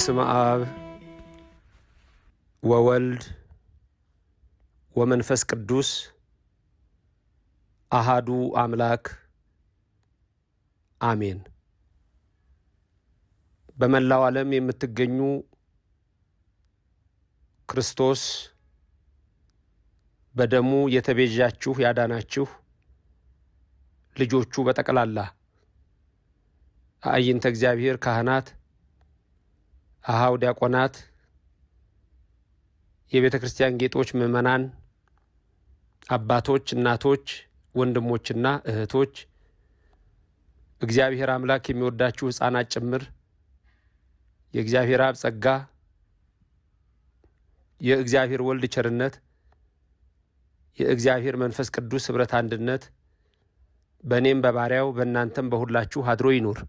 በስመ አብ ወወልድ ወመንፈስ ቅዱስ አሃዱ አምላክ አሜን። በመላው ዓለም የምትገኙ ክርስቶስ በደሙ የተቤዣችሁ ያዳናችሁ ልጆቹ በጠቅላላ አእይንተ እግዚአብሔር ካህናት አሃው ዲያቆናት፣ የቤተ ክርስቲያን ጌጦች፣ ምዕመናን፣ አባቶች፣ እናቶች፣ ወንድሞችና እህቶች እግዚአብሔር አምላክ የሚወዳችሁ ሕፃናት ጭምር የእግዚአብሔር አብ ጸጋ የእግዚአብሔር ወልድ ቸርነት የእግዚአብሔር መንፈስ ቅዱስ ኅብረት አንድነት በእኔም በባሪያው በእናንተም በሁላችሁ አድሮ ይኑር።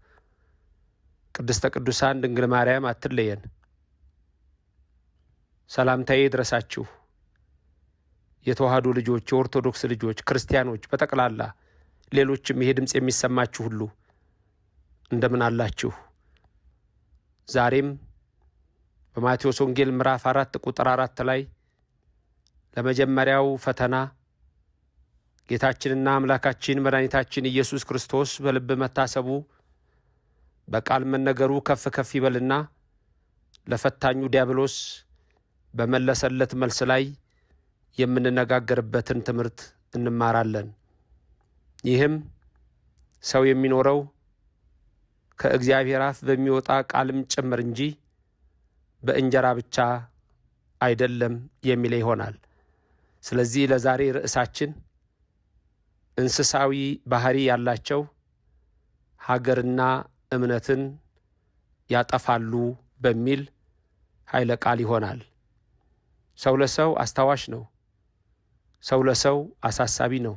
ቅድስተ ቅዱሳን ድንግል ማርያም አትለየን። ሰላምታዬ ይድረሳችሁ የተዋህዶ ልጆች፣ የኦርቶዶክስ ልጆች፣ ክርስቲያኖች በጠቅላላ ሌሎችም ይሄ ድምፅ የሚሰማችሁ ሁሉ እንደምን አላችሁ? ዛሬም በማቴዎስ ወንጌል ምዕራፍ አራት ቁጥር አራት ላይ ለመጀመሪያው ፈተና ጌታችንና አምላካችን መድኃኒታችን ኢየሱስ ክርስቶስ በልብ መታሰቡ በቃል መነገሩ ከፍ ከፍ ይበልና ለፈታኙ ዲያብሎስ በመለሰለት መልስ ላይ የምንነጋገርበትን ትምህርት እንማራለን። ይህም ሰው የሚኖረው ከእግዚአብሔር አፍ በሚወጣ ቃልም ጭምር እንጂ በእንጀራ ብቻ አይደለም የሚለ ይሆናል። ስለዚህ ለዛሬ ርዕሳችን እንስሳዊ ባህሪ ያላቸው ሀገርና እምነትን ያጠፋሉ በሚል ኃይለ ቃል ይሆናል። ሰው ለሰው አስታዋሽ ነው። ሰው ለሰው አሳሳቢ ነው።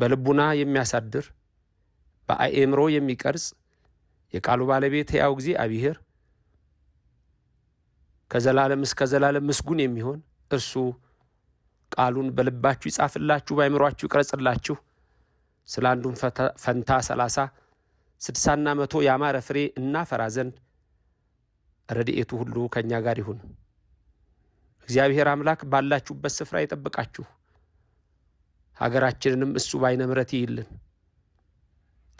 በልቡና የሚያሳድር በአእምሮ የሚቀርጽ የቃሉ ባለቤት ሕያው እግዚአብሔር ከዘላለም እስከ ዘላለም ምስጉን የሚሆን እርሱ ቃሉን በልባችሁ ይጻፍላችሁ፣ በአእምሯችሁ ይቅረጽላችሁ። ስለ አንዱም ፈንታ ሰላሳ ስድሳና መቶ ያማረ ፍሬ እናፈራ ዘንድ ረድኤቱ ሁሉ ከእኛ ጋር ይሁን። እግዚአብሔር አምላክ ባላችሁበት ስፍራ ይጠብቃችሁ። ሀገራችንንም እሱ በአይነ ምረት ይይልን።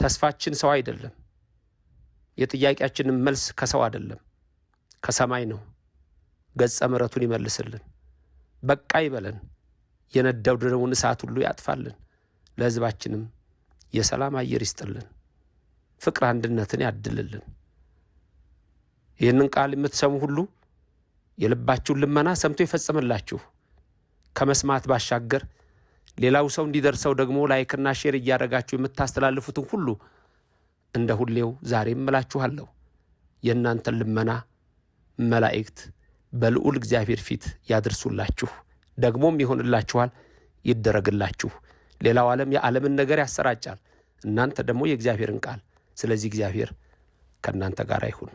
ተስፋችን ሰው አይደለም። የጥያቄያችንን መልስ ከሰው አይደለም፣ ከሰማይ ነው። ገጸ ምረቱን ይመልስልን። በቃ ይበለን። የነዳው እሳት ሁሉ ያጥፋልን። ለሕዝባችንም የሰላም አየር ይስጥልን። ፍቅር አንድነትን ያድልልን። ይህንን ቃል የምትሰሙ ሁሉ የልባችሁን ልመና ሰምቶ ይፈጽምላችሁ። ከመስማት ባሻገር ሌላው ሰው እንዲደርሰው ደግሞ ላይክና ሼር እያደረጋችሁ የምታስተላልፉትን ሁሉ እንደ ሁሌው ዛሬም እላችኋለሁ የእናንተን ልመና መላእክት በልዑል እግዚአብሔር ፊት ያድርሱላችሁ፣ ደግሞም ይሆንላችኋል፣ ይደረግላችሁ። ሌላው ዓለም የዓለምን ነገር ያሰራጫል፣ እናንተ ደግሞ የእግዚአብሔርን ቃል ስለዚህ እግዚአብሔር ከእናንተ ጋር አይሁን።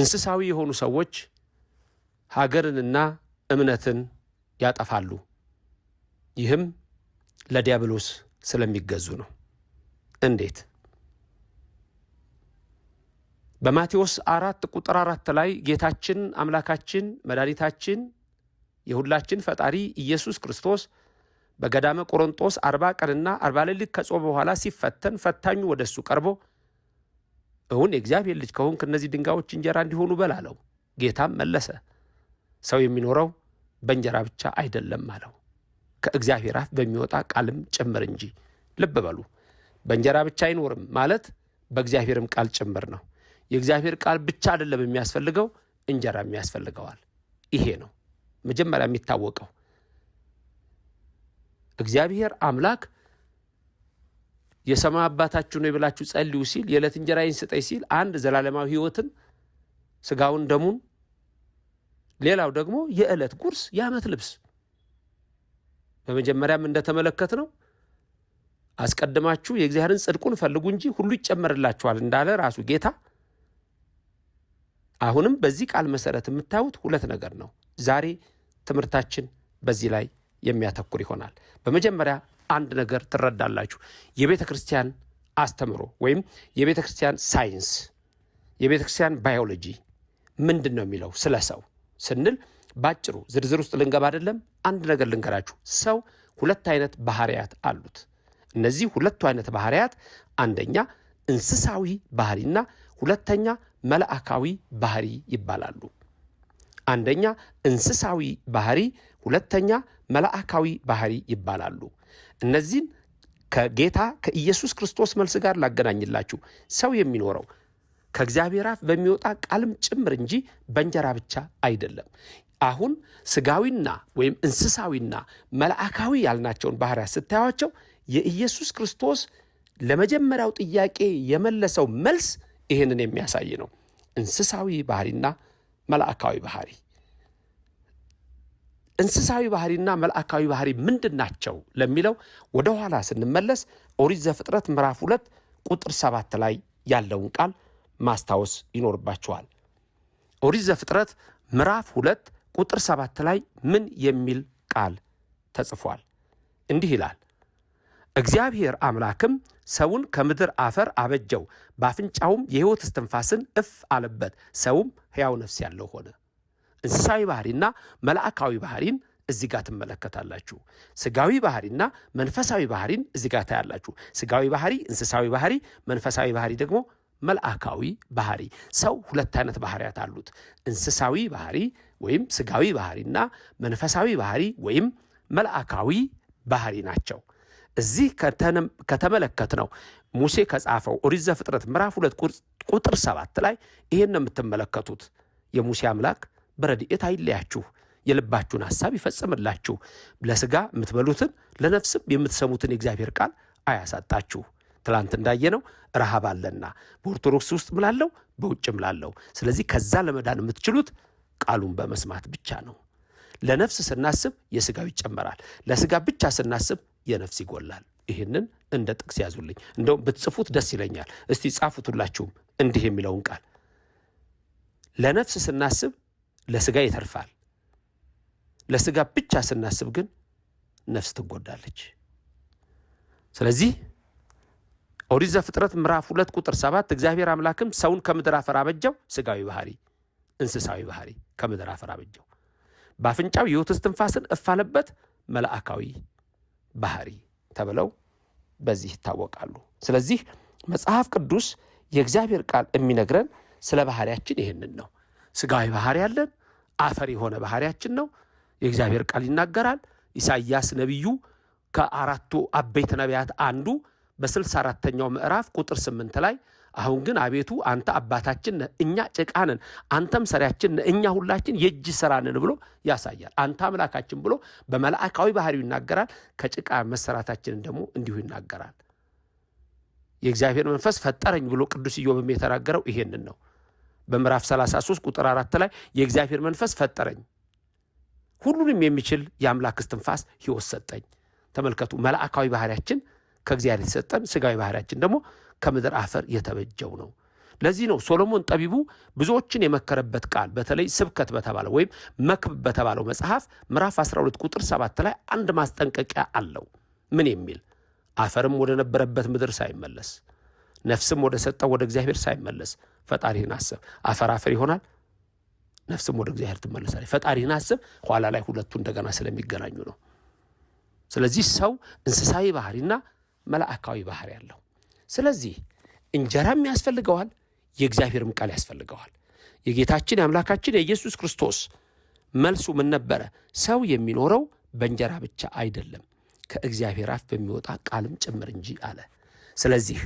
እንስሳዊ የሆኑ ሰዎች ሀገርንና እምነትን ያጠፋሉ። ይህም ለዲያብሎስ ስለሚገዙ ነው። እንዴት? በማቴዎስ አራት ቁጥር አራት ላይ ጌታችን አምላካችን መድኃኒታችን የሁላችን ፈጣሪ ኢየሱስ ክርስቶስ በገዳመ ቆሮንጦስ አርባ ቀንና አርባ ሌሊት ከጾመ በኋላ ሲፈተን ፈታኙ ወደ እሱ ቀርቦ እሁን የእግዚአብሔር ልጅ ከሆንክ እነዚህ ድንጋዮች እንጀራ እንዲሆኑ በል አለው። ጌታም መለሰ ሰው የሚኖረው በእንጀራ ብቻ አይደለም አለው፣ ከእግዚአብሔር አፍ በሚወጣ ቃልም ጭምር እንጂ። ልብ በሉ በእንጀራ ብቻ አይኖርም ማለት በእግዚአብሔርም ቃል ጭምር ነው። የእግዚአብሔር ቃል ብቻ አይደለም የሚያስፈልገው፣ እንጀራም ያስፈልገዋል። ይሄ ነው መጀመሪያ የሚታወቀው። እግዚአብሔር አምላክ የሰማይ አባታችሁ ነው የብላችሁ ጸልዩ ሲል የዕለት እንጀራዬን ስጠኝ ሲል አንድ ዘላለማዊ ህይወትን ስጋውን ደሙን፣ ሌላው ደግሞ የዕለት ጉርስ የዓመት ልብስ። በመጀመሪያም እንደተመለከት ነው አስቀድማችሁ የእግዚአብሔርን ጽድቁን ፈልጉ እንጂ ሁሉ ይጨመርላችኋል እንዳለ ራሱ ጌታ። አሁንም በዚህ ቃል መሰረት የምታዩት ሁለት ነገር ነው። ዛሬ ትምህርታችን በዚህ ላይ የሚያተኩር ይሆናል። በመጀመሪያ አንድ ነገር ትረዳላችሁ። የቤተ ክርስቲያን አስተምሮ ወይም የቤተ ክርስቲያን ሳይንስ፣ የቤተ ክርስቲያን ባዮሎጂ ምንድን ነው የሚለው ስለ ሰው ስንል ባጭሩ ዝርዝር ውስጥ ልንገባ አይደለም። አንድ ነገር ልንገራችሁ። ሰው ሁለት አይነት ባህሪያት አሉት። እነዚህ ሁለቱ አይነት ባህሪያት አንደኛ እንስሳዊ ባህሪና ሁለተኛ መልአካዊ ባህሪ ይባላሉ። አንደኛ እንስሳዊ ባህሪ፣ ሁለተኛ መላእካዊ ባህሪ ይባላሉ። እነዚህን ከጌታ ከኢየሱስ ክርስቶስ መልስ ጋር ላገናኝላችሁ። ሰው የሚኖረው ከእግዚአብሔር አፍ በሚወጣ ቃልም ጭምር እንጂ በእንጀራ ብቻ አይደለም። አሁን ስጋዊና ወይም እንስሳዊና መላእካዊ ያልናቸውን ባህሪያት ስታያቸው የኢየሱስ ክርስቶስ ለመጀመሪያው ጥያቄ የመለሰው መልስ ይህንን የሚያሳይ ነው። እንስሳዊ ባህሪና መላእካዊ ባህሪ እንስሳዊ ባህሪና መልአካዊ ባህሪ ምንድን ናቸው ለሚለው ወደ ኋላ ስንመለስ ኦሪት ዘፍጥረት ምዕራፍ ሁለት ቁጥር ሰባት ላይ ያለውን ቃል ማስታወስ ይኖርባቸዋል። ኦሪት ዘፍጥረት ምዕራፍ ሁለት ቁጥር ሰባት ላይ ምን የሚል ቃል ተጽፏል? እንዲህ ይላል እግዚአብሔር አምላክም ሰውን ከምድር አፈር አበጀው፣ በአፍንጫውም የሕይወት እስትንፋስን እፍ አለበት፣ ሰውም ሕያው ነፍስ ያለው ሆነ። እንስሳዊ ባህሪና መልአካዊ ባህሪን እዚህ ጋር ትመለከታላችሁ። ስጋዊ ባህሪና መንፈሳዊ ባህሪን እዚህ ጋር ታያላችሁ። ስጋዊ ባህሪ፣ እንስሳዊ ባህሪ፣ መንፈሳዊ ባህሪ ደግሞ መልአካዊ ባህሪ። ሰው ሁለት አይነት ባህሪያት አሉት። እንስሳዊ ባህሪ ወይም ስጋዊ ባህሪና መንፈሳዊ ባህሪ ወይም መልአካዊ ባህሪ ናቸው። እዚህ ከተመለከት ነው ሙሴ ከጻፈው ኦሪት ዘፍጥረት ምዕራፍ ሁለት ቁጥር ሰባት ላይ ይሄን ነው የምትመለከቱት የሙሴ አምላክ በረድኤት አይለያችሁ፣ የልባችሁን ሐሳብ ይፈጽምላችሁ። ለሥጋ የምትበሉትን ለነፍስም የምትሰሙትን የእግዚአብሔር ቃል አያሳጣችሁ። ትላንት እንዳየነው ረሃብ አለና በኦርቶዶክስ ውስጥ ምላለው፣ በውጭ ምላለው። ስለዚህ ከዛ ለመዳን የምትችሉት ቃሉን በመስማት ብቻ ነው። ለነፍስ ስናስብ የሥጋው ይጨመራል፣ ለሥጋ ብቻ ስናስብ የነፍስ ይጎላል። ይህንን እንደ ጥቅስ ያዙልኝ። እንደውም ብትጽፉት ደስ ይለኛል። እስቲ ጻፉት ሁላችሁም እንዲህ የሚለውን ቃል ለነፍስ ስናስብ ለስጋ ይተርፋል። ለስጋ ብቻ ስናስብ ግን ነፍስ ትጎዳለች። ስለዚህ ኦሪት ዘፍጥረት ምዕራፍ ሁለት ቁጥር ሰባት እግዚአብሔር አምላክም ሰውን ከምድር አፈር አበጀው፣ ስጋዊ ባህሪ፣ እንስሳዊ ባህሪ ከምድር አፈር አበጀው። በአፍንጫው የሕይወት እስትንፋስን እፋለበት መልአካዊ ባህሪ ተብለው በዚህ ይታወቃሉ። ስለዚህ መጽሐፍ ቅዱስ የእግዚአብሔር ቃል የሚነግረን ስለ ባህሪያችን ይህንን ነው። ስጋዊ ባህሪ አለን፣ አፈር የሆነ ባህሪያችን ነው። የእግዚአብሔር ቃል ይናገራል። ኢሳይያስ ነቢዩ ከአራቱ አበይት ነቢያት አንዱ በስልሳ አራተኛው ምዕራፍ ቁጥር ስምንት ላይ አሁን ግን አቤቱ አንተ አባታችን ነህ፣ እኛ ጭቃ ነን፣ አንተም ሰሪያችን ነህ፣ እኛ ሁላችን የእጅ ስራ ነን ብሎ ያሳያል። አንተ አምላካችን ብሎ በመላእካዊ ባህሪው ይናገራል። ከጭቃ መሰራታችንን ደግሞ እንዲሁ ይናገራል። የእግዚአብሔር መንፈስ ፈጠረኝ ብሎ ቅዱስ ኢዮብም የተናገረው ይሄንን ነው። በምዕራፍ 33 ቁጥር አራት ላይ የእግዚአብሔር መንፈስ ፈጠረኝ፣ ሁሉንም የሚችል የአምላክ እስትንፋስ ሕይወት ሰጠኝ። ተመልከቱ፣ መልአካዊ ባህሪያችን ከእግዚአብሔር የተሰጠን፣ ስጋዊ ባህሪያችን ደግሞ ከምድር አፈር የተበጀው ነው። ለዚህ ነው ሶሎሞን ጠቢቡ ብዙዎችን የመከረበት ቃል በተለይ ስብከት በተባለው ወይም መክብ በተባለው መጽሐፍ ምዕራፍ 12 ቁጥር 7 ላይ አንድ ማስጠንቀቂያ አለው። ምን የሚል አፈርም ወደ ነበረበት ምድር ሳይመለስ ነፍስም ወደ ሰጠው ወደ እግዚአብሔር ሳይመለስ ፈጣሪህን አስብ። አፈር አፈር ይሆናል፣ ነፍስም ወደ እግዚአብሔር ትመለሳለች። ፈጣሪህን አስብ። ኋላ ላይ ሁለቱ እንደገና ስለሚገናኙ ነው። ስለዚህ ሰው እንስሳዊ ባህሪና መላእካዊ ባህሪ ያለው። ስለዚህ እንጀራም ያስፈልገዋል፣ የእግዚአብሔርም ቃል ያስፈልገዋል። የጌታችን የአምላካችን የኢየሱስ ክርስቶስ መልሱ ምን ነበረ? ሰው የሚኖረው በእንጀራ ብቻ አይደለም ከእግዚአብሔር አፍ በሚወጣ ቃልም ጭምር እንጂ አለ። ስለዚህ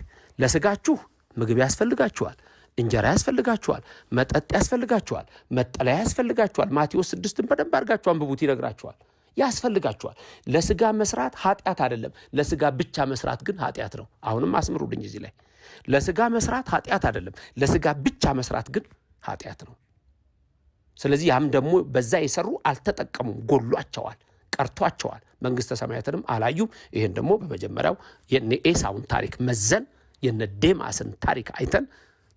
ለስጋችሁ ምግብ ያስፈልጋችኋል፣ እንጀራ ያስፈልጋችኋል፣ መጠጥ ያስፈልጋችኋል፣ መጠለያ ያስፈልጋችኋል። ማቴዎስ ስድስትን በደንብ አድርጋችሁ አንብቡት፣ ይነግራችኋል። ያስፈልጋችኋል። ለስጋ መስራት ኃጢአት አይደለም። ለስጋ ብቻ መስራት ግን ኃጢአት ነው። አሁንም አስምሩልኝ እዚህ ላይ ለስጋ መስራት ኃጢአት አይደለም። ለስጋ ብቻ መስራት ግን ኃጢአት ነው። ስለዚህ ያም ደግሞ በዛ የሰሩ አልተጠቀሙም፣ ጎሏቸዋል፣ ቀርቷቸዋል፣ መንግስተ ሰማያትንም አላዩም። ይህን ደግሞ በመጀመሪያው የኤሳውን ታሪክ መዘን የነ ዴማስን ታሪክ አይተን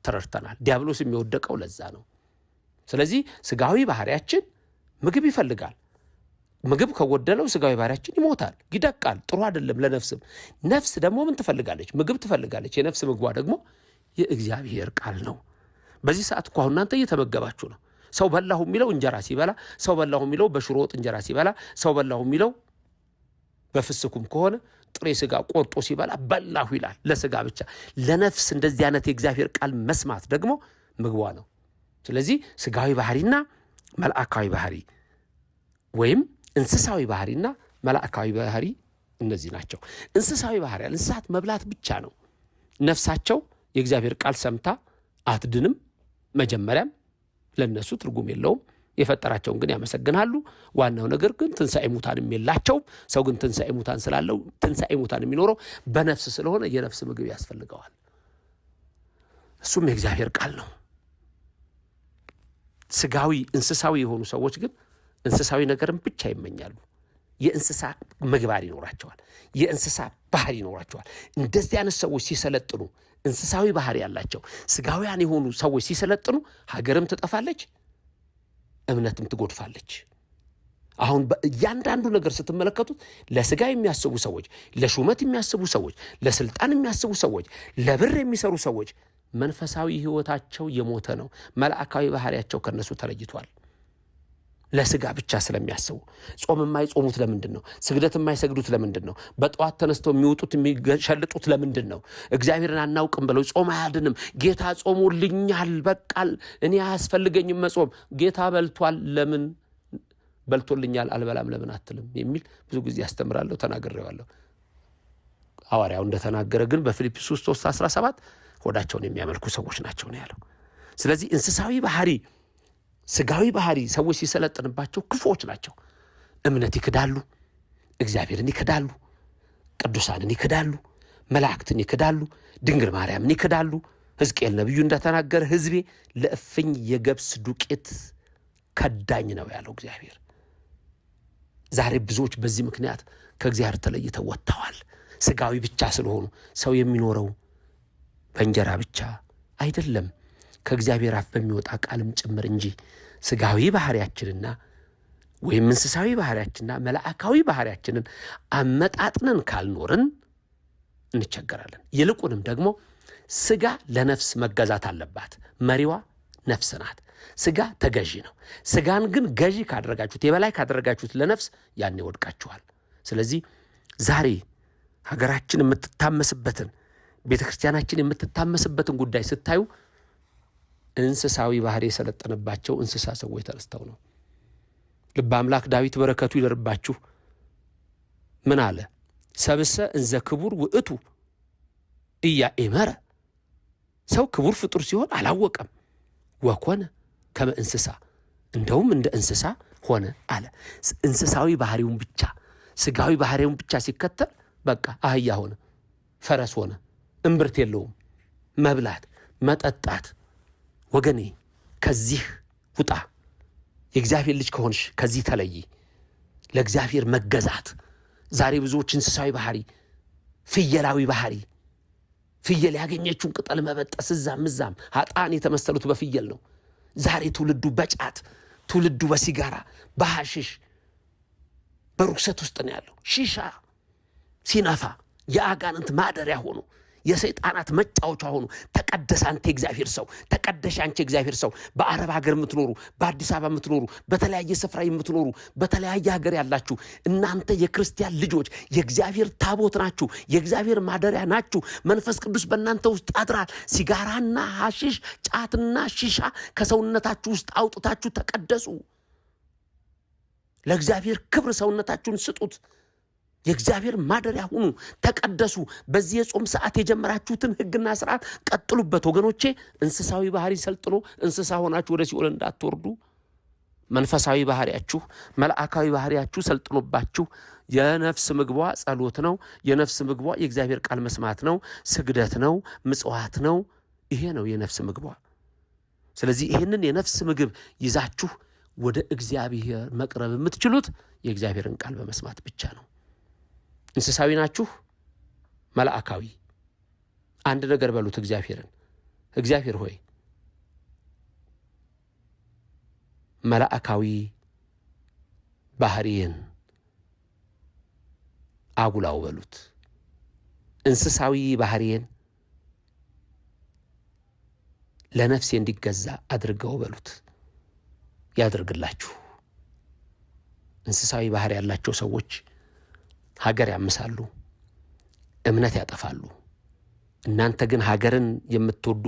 ተረድተናል። ዲያብሎስ የሚወደቀው ለዛ ነው። ስለዚህ ስጋዊ ባህሪያችን ምግብ ይፈልጋል። ምግብ ከጎደለው ስጋዊ ባህሪያችን ይሞታል፣ ይደቃል። ጥሩ አይደለም ለነፍስም። ነፍስ ደግሞ ምን ትፈልጋለች? ምግብ ትፈልጋለች። የነፍስ ምግቧ ደግሞ የእግዚአብሔር ቃል ነው። በዚህ ሰዓት እኮ አሁን እናንተ እየተመገባችሁ ነው። ሰው በላሁ የሚለው እንጀራ ሲበላ፣ ሰው በላሁ የሚለው በሽሮ ወጥ እንጀራ ሲበላ፣ ሰው በላሁ የሚለው በፍስኩም ከሆነ ጥሬ ስጋ ቆርጦ ሲበላ በላሁ ይላል። ለስጋ ብቻ ለነፍስ እንደዚህ አይነት የእግዚአብሔር ቃል መስማት ደግሞ ምግቧ ነው። ስለዚህ ስጋዊ ባህሪና መልአካዊ ባህሪ ወይም እንስሳዊ ባህሪና መልአካዊ ባህሪ እነዚህ ናቸው። እንስሳዊ ባህሪ እንስሳት መብላት ብቻ ነው። ነፍሳቸው የእግዚአብሔር ቃል ሰምታ አትድንም። መጀመሪያም ለነሱ ትርጉም የለውም። የፈጠራቸውን ግን ያመሰግናሉ። ዋናው ነገር ግን ትንሣኤ ሙታንም የላቸውም። ሰው ግን ትንሣኤ ሙታን ስላለው ትንሣኤ ሙታን የሚኖረው በነፍስ ስለሆነ የነፍስ ምግብ ያስፈልገዋል። እሱም የእግዚአብሔር ቃል ነው። ስጋዊ እንስሳዊ የሆኑ ሰዎች ግን እንስሳዊ ነገርን ብቻ ይመኛሉ። የእንስሳ ምግባር ይኖራቸዋል። የእንስሳ ባህር ይኖራቸዋል። እንደዚህ አይነት ሰዎች ሲሰለጥኑ፣ እንስሳዊ ባህር ያላቸው ስጋውያን የሆኑ ሰዎች ሲሰለጥኑ ሀገርም ትጠፋለች እምነትም ትጎድፋለች። አሁን እያንዳንዱ ነገር ስትመለከቱት ለስጋ የሚያስቡ ሰዎች፣ ለሹመት የሚያስቡ ሰዎች፣ ለስልጣን የሚያስቡ ሰዎች፣ ለብር የሚሰሩ ሰዎች መንፈሳዊ ሕይወታቸው የሞተ ነው። መልአካዊ ባህሪያቸው ከነሱ ተለይቷል። ለስጋ ብቻ ስለሚያስቡ ጾም የማይጾሙት ለምንድን ነው? ስግደት የማይሰግዱት ለምንድን ነው? በጠዋት ተነስተው የሚወጡት የሚሸልጡት ለምንድን ነው? እግዚአብሔርን አናውቅም ብለው ጾም አያድንም። ጌታ ጾሙልኛል፣ በቃል እኔ አያስፈልገኝም መጾም። ጌታ በልቷል፣ ለምን በልቶልኛል አልበላም ለምን አትልም? የሚል ብዙ ጊዜ ያስተምራለሁ፣ ተናግሬዋለሁ። ሐዋርያው እንደተናገረ ግን በፊልጵስዩስ 3 17 ሆዳቸውን የሚያመልኩ ሰዎች ናቸው ነው ያለው። ስለዚህ እንስሳዊ ባህሪ ስጋዊ ባህሪ ሰዎች ሲሰለጥንባቸው ክፉዎች ናቸው። እምነት ይክዳሉ፣ እግዚአብሔርን ይክዳሉ፣ ቅዱሳንን ይክዳሉ፣ መላእክትን ይክዳሉ፣ ድንግል ማርያምን ይክዳሉ። ሕዝቅኤል ነቢዩ እንደተናገረ ሕዝቤ ለእፍኝ የገብስ ዱቄት ከዳኝ ነው ያለው እግዚአብሔር። ዛሬ ብዙዎች በዚህ ምክንያት ከእግዚአብሔር ተለይተው ወጥተዋል። ስጋዊ ብቻ ስለሆኑ ሰው የሚኖረው በእንጀራ ብቻ አይደለም። ከእግዚአብሔር አፍ በሚወጣ ቃልም ጭምር እንጂ ስጋዊ ባህሪያችንና ወይም እንስሳዊ ባህሪያችንና መላእካዊ ባህሪያችንን አመጣጥነን ካልኖርን እንቸገራለን። ይልቁንም ደግሞ ስጋ ለነፍስ መገዛት አለባት። መሪዋ ነፍስ ናት። ስጋ ተገዢ ነው። ስጋን ግን ገዢ ካደረጋችሁት፣ የበላይ ካደረጋችሁት ለነፍስ ያን ይወድቃችኋል። ስለዚህ ዛሬ ሀገራችን የምትታመስበትን ቤተ ክርስቲያናችን የምትታመስበትን ጉዳይ ስታዩ እንስሳዊ ባህሪ የሰለጠነባቸው እንስሳ ሰዎች ተነስተው ነው። ልበ አምላክ ዳዊት በረከቱ ይደርባችሁ ምን አለ? ሰብሰ እንዘ ክቡር ውእቱ ኤመረ ሰው ክቡር ፍጡር ሲሆን አላወቀም። ወኮነ ከመ እንስሳ፣ እንደውም እንደ እንስሳ ሆነ አለ። እንስሳዊ ባህሪውን ብቻ ስጋዊ ባህሪውን ብቻ ሲከተል በቃ አህያ ሆነ፣ ፈረስ ሆነ። እምብርት የለውም። መብላት፣ መጠጣት ወገኔ ከዚህ ውጣ። የእግዚአብሔር ልጅ ከሆንሽ ከዚህ ተለይ። ለእግዚአብሔር መገዛት ዛሬ ብዙዎች እንስሳዊ ባህሪ፣ ፍየላዊ ባህሪ ፍየል ያገኘችውን ቅጠል መበጠስ እዛም እዛም አጣን የተመሰሉት በፍየል ነው። ዛሬ ትውልዱ በጫት ትውልዱ በሲጋራ በሐሽሽ በርኩሰት ውስጥ ነው ያለው። ሺሻ ሲነፋ የአጋንንት ማደሪያ ሆኖ የሰይጣናት መጫወቻ ሆኑ። ተቀደሰ አንተ እግዚአብሔር ሰው፣ ተቀደሽ አንቺ እግዚአብሔር ሰው። በአረብ ሀገር የምትኖሩ፣ በአዲስ አበባ የምትኖሩ፣ በተለያየ ስፍራ የምትኖሩ፣ በተለያየ ሀገር ያላችሁ እናንተ የክርስቲያን ልጆች የእግዚአብሔር ታቦት ናችሁ፣ የእግዚአብሔር ማደሪያ ናችሁ። መንፈስ ቅዱስ በእናንተ ውስጥ አድራል። ሲጋራና ሐሽሽ ጫትና ሺሻ ከሰውነታችሁ ውስጥ አውጥታችሁ ተቀደሱ። ለእግዚአብሔር ክብር ሰውነታችሁን ስጡት። የእግዚአብሔር ማደሪያ ሁኑ፣ ተቀደሱ። በዚህ የጾም ሰዓት የጀመራችሁትን ሕግና ስርዓት ቀጥሉበት ወገኖቼ። እንስሳዊ ባህሪ ሰልጥኖ እንስሳ ሆናችሁ ወደ ሲኦል እንዳትወርዱ መንፈሳዊ ባህሪያችሁ መልአካዊ ባህሪያችሁ ሰልጥኖባችሁ። የነፍስ ምግቧ ጸሎት ነው። የነፍስ ምግቧ የእግዚአብሔር ቃል መስማት ነው፣ ስግደት ነው፣ ምጽዋት ነው። ይሄ ነው የነፍስ ምግቧ። ስለዚህ ይህንን የነፍስ ምግብ ይዛችሁ ወደ እግዚአብሔር መቅረብ የምትችሉት የእግዚአብሔርን ቃል በመስማት ብቻ ነው። እንስሳዊ ናችሁ መላእካዊ? አንድ ነገር በሉት እግዚአብሔርን። እግዚአብሔር ሆይ መላእካዊ ባህሪን አጉላው በሉት። እንስሳዊ ባህሪን ለነፍሴ እንዲገዛ አድርገው በሉት። ያድርግላችሁ። እንስሳዊ ባህሪ ያላቸው ሰዎች ሀገር ያምሳሉ፣ እምነት ያጠፋሉ። እናንተ ግን ሀገርን የምትወዱ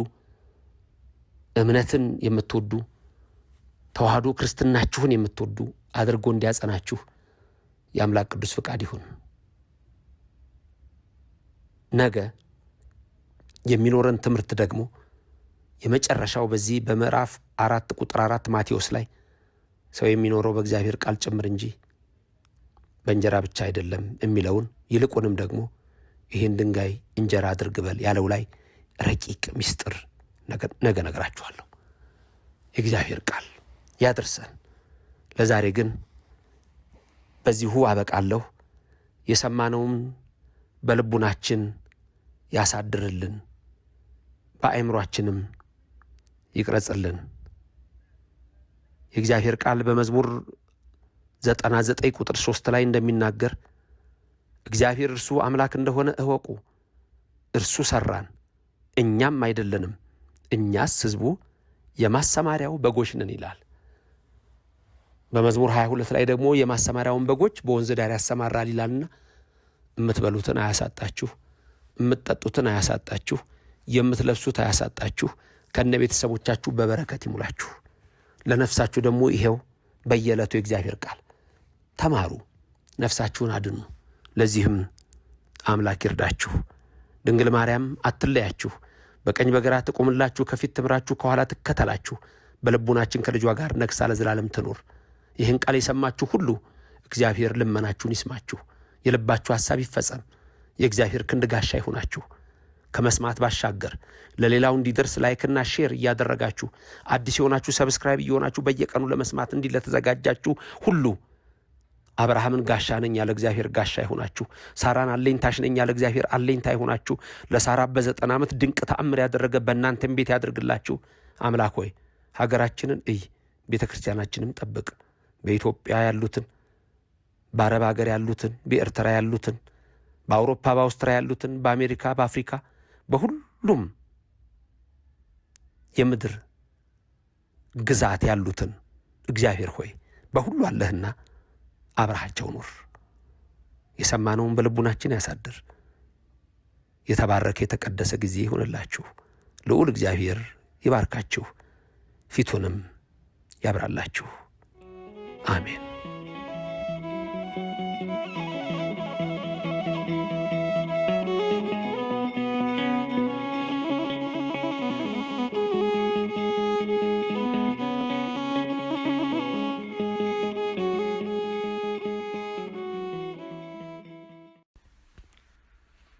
እምነትን የምትወዱ ተዋህዶ ክርስትናችሁን የምትወዱ አድርጎ እንዲያጸናችሁ የአምላክ ቅዱስ ፍቃድ ይሁን። ነገ የሚኖረን ትምህርት ደግሞ የመጨረሻው በዚህ በምዕራፍ አራት ቁጥር አራት ማቴዎስ ላይ ሰው የሚኖረው በእግዚአብሔር ቃል ጭምር እንጂ በእንጀራ ብቻ አይደለም የሚለውን ይልቁንም ደግሞ ይህን ድንጋይ እንጀራ አድርግ በል ያለው ላይ ረቂቅ ምስጢር ነገ ነገራችኋለሁ። የእግዚአብሔር ቃል ያድርሰን። ለዛሬ ግን በዚሁ አበቃለሁ። የሰማነውም በልቡናችን ያሳድርልን፣ በአእምሯችንም ይቅረጽልን። የእግዚአብሔር ቃል በመዝሙር 99 ቁጥር 3 ላይ እንደሚናገር እግዚአብሔር እርሱ አምላክ እንደሆነ እወቁ፣ እርሱ ሰራን እኛም አይደለንም፣ እኛስ ሕዝቡ የማሰማሪያው በጎች ነን ይላል። በመዝሙር 22 ላይ ደግሞ የማሰማሪያውን በጎች በወንዝ ዳር ያሰማራል ይላልና የምትበሉትን አያሳጣችሁ፣ የምትጠጡትን አያሳጣችሁ፣ የምትለብሱት አያሳጣችሁ፣ ከነ ቤተሰቦቻችሁ በበረከት ይሙላችሁ። ለነፍሳችሁ ደግሞ ይሄው በየዕለቱ የእግዚአብሔር ቃል ተማሩ፣ ነፍሳችሁን አድኑ። ለዚህም አምላክ ይርዳችሁ። ድንግል ማርያም አትለያችሁ፣ በቀኝ በግራ ትቆምላችሁ፣ ከፊት ትምራችሁ፣ ከኋላ ትከተላችሁ። በልቡናችን ከልጇ ጋር ነግሳ ለዘላለም ትኑር። ይህን ቃል የሰማችሁ ሁሉ እግዚአብሔር ልመናችሁን ይስማችሁ፣ የልባችሁ ሐሳብ ይፈጸም። የእግዚአብሔር ክንድ ጋሻ ይሁናችሁ። ከመስማት ባሻገር ለሌላው እንዲደርስ ላይክና ሼር እያደረጋችሁ አዲስ የሆናችሁ ሰብስክራይብ እየሆናችሁ በየቀኑ ለመስማት እንዲህ ለተዘጋጃችሁ ሁሉ አብርሃምን ጋሻ ነኝ ያለ እግዚአብሔር ጋሻ ይሆናችሁ። ሳራን አለኝታሽ ነኝ ያለ እግዚአብሔር አለኝታ ይሆናችሁ። ለሳራ በዘጠና ዓመት ድንቅ ተአምር ያደረገ በእናንተም ቤት ያደርግላችሁ። አምላክ ሆይ ሀገራችንን እይ፣ ቤተ ክርስቲያናችንም ጠብቅ። በኢትዮጵያ ያሉትን፣ በአረብ ሀገር ያሉትን፣ በኤርትራ ያሉትን፣ በአውሮፓ በአውስትራ ያሉትን፣ በአሜሪካ በአፍሪካ በሁሉም የምድር ግዛት ያሉትን እግዚአብሔር ሆይ በሁሉ አለህና አብረሃቸው ኑር። የሰማነውን በልቡናችን ያሳድር። የተባረከ የተቀደሰ ጊዜ ይሁንላችሁ። ልዑል እግዚአብሔር ይባርካችሁ፣ ፊቱንም ያብራላችሁ። አሜን።